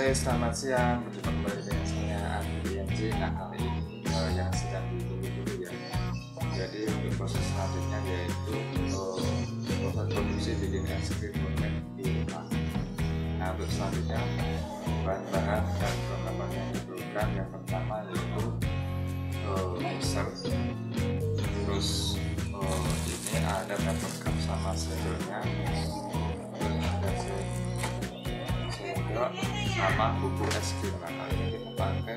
Hai, selamat siang. Berjumpa kembali dengan saya Andi MJ. Nah, kali ini eh, yang sedang ditunggu dulu ya. Jadi untuk proses selanjutnya yaitu uh, proses produksi bikin es krim di rumah. Nah, untuk selanjutnya bahan-bahan dan perlengkapan yang diperlukan yang pertama yaitu mixer, eh, terus ini ada paper cup sama sendoknya, terus ada sendok sama buku SQL nah kali ini kita pakai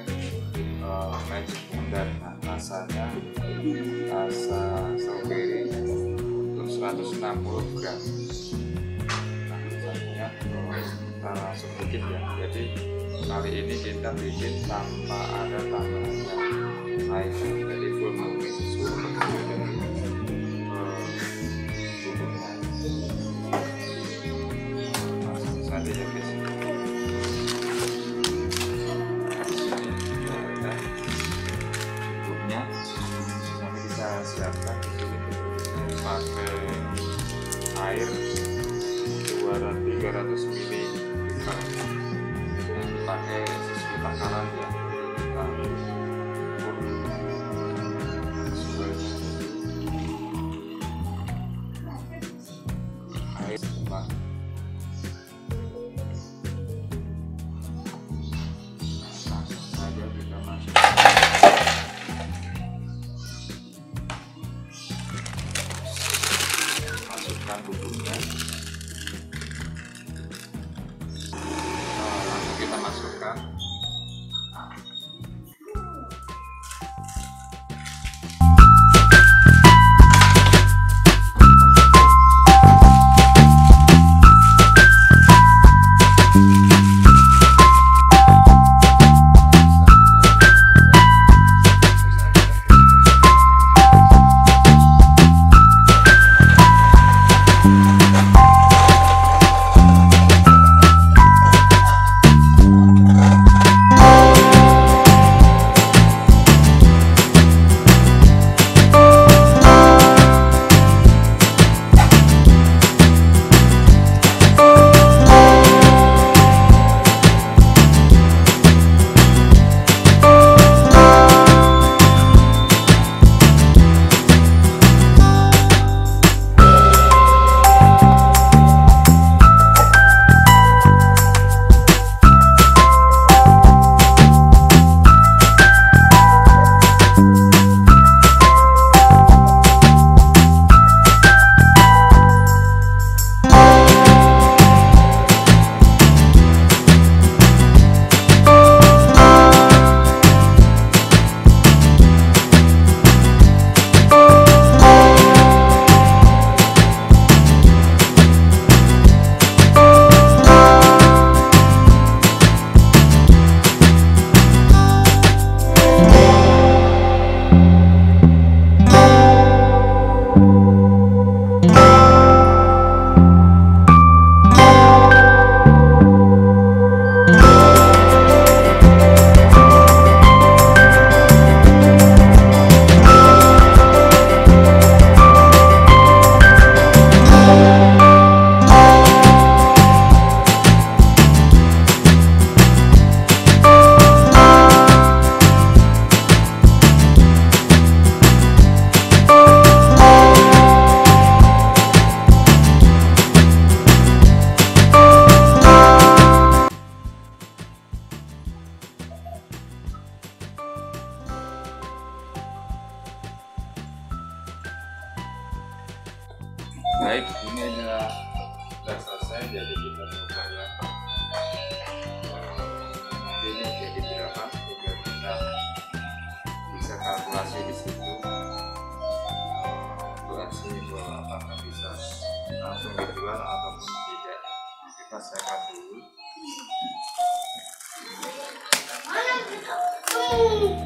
uh, magic wonder nah rasanya rasa strawberry untuk 160 gram nah misalnya eh, kita langsung bikin ya jadi kali ini kita bikin tanpa ada tambahan yang lain jadi full murni sesuai pakai sisi kanan ya nah, saya jadi kita supaya nanti ini jadi berapa supaya kita bisa kalkulasi di situ kalkulasi bahwa apakah bisa langsung dijual ataupun tidak kita sehat dulu Thank you. Gitu? Hmm.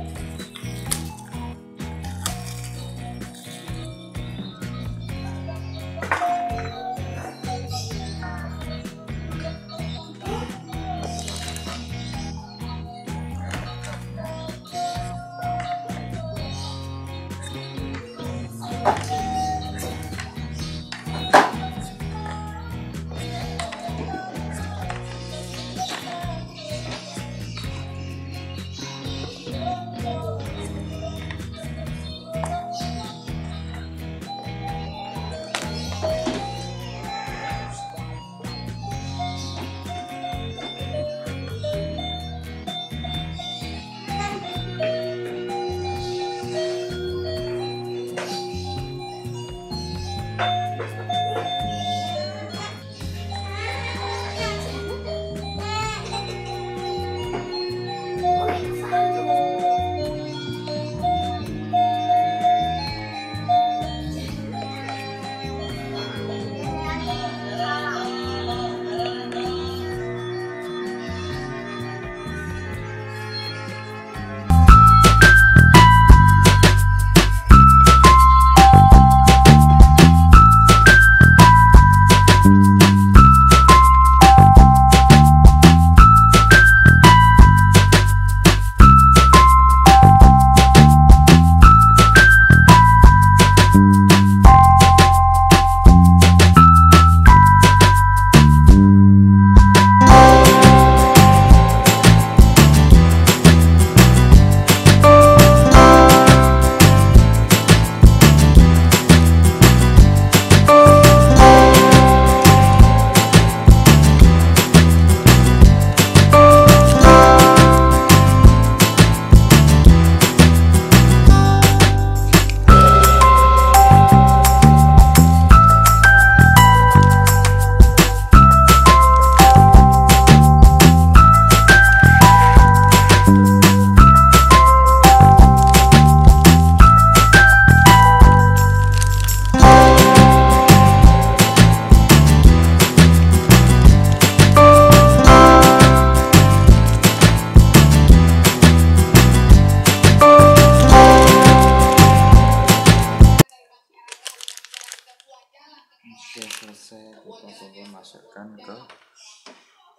selesai kita coba masukkan ke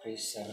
freezer